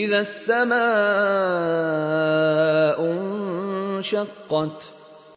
إذا السماء انشقت